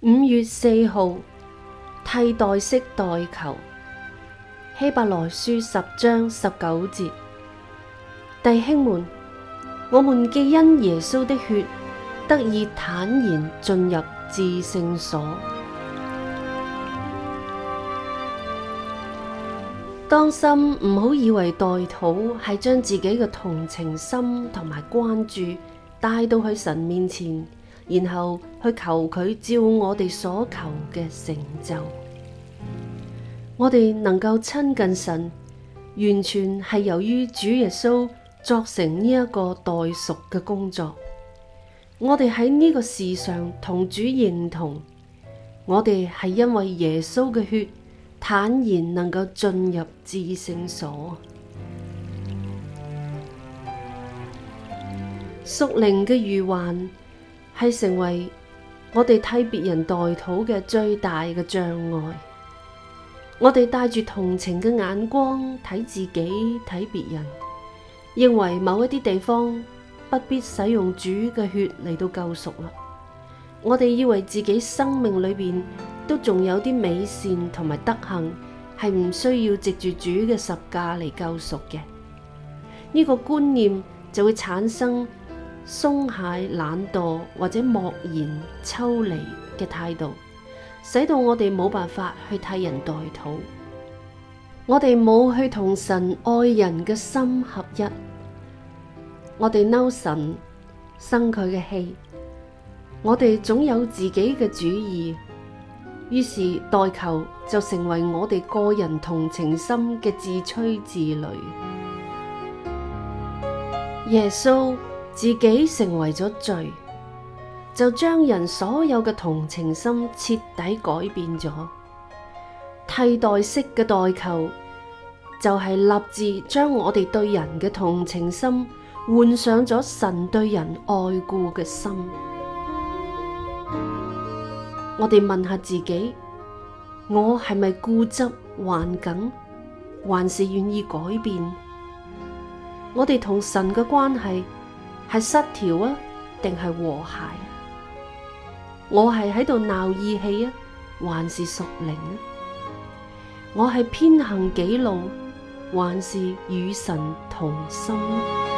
五月四號，替代式代求，希伯來書十章十九節，弟兄們，我們既因耶穌的血得以坦然進入至聖所，當心唔好以為代禱係將自己嘅同情心同埋關注帶到去神面前。然後去求佢照我哋所求嘅成就。我哋能夠親近神，完全係由於主耶穌作成呢一個代贖嘅工作。我哋喺呢個世上同主認同，我哋係因為耶穌嘅血，坦然能夠進入至聖所，屬靈嘅餘患，係成為我哋替別人代禱嘅最大嘅障礙。我哋帶住同情嘅眼光睇自己睇別人，認為某一啲地方不必使用主嘅血嚟到救贖啦。我哋以為自己生命裏邊都仲有啲美善同埋德行，係唔需要藉住主嘅十架嚟救贖嘅。呢、這個觀念就會產生。鬆懈、懶惰或者漠然、抽離嘅態度，使到我哋冇辦法去替人代禱。我哋冇去同神愛人嘅心合一，我哋嬲神生佢嘅氣，我哋總有自己嘅主意，於是代求就成為我哋個人同情心嘅自吹自擂。耶穌。自己成為咗罪，就將人所有嘅同情心徹底改變咗。替代式嘅代求，就係立志將我哋對人嘅同情心換上咗神對人愛顧嘅心。我哋問下自己，我係咪固執、頑梗，還是願意改變？我哋同神嘅關係？係失調啊，定係和諧？我係喺度鬧義氣啊，還是屬靈啊，啊？我係偏行己路，還是與神同心，啊？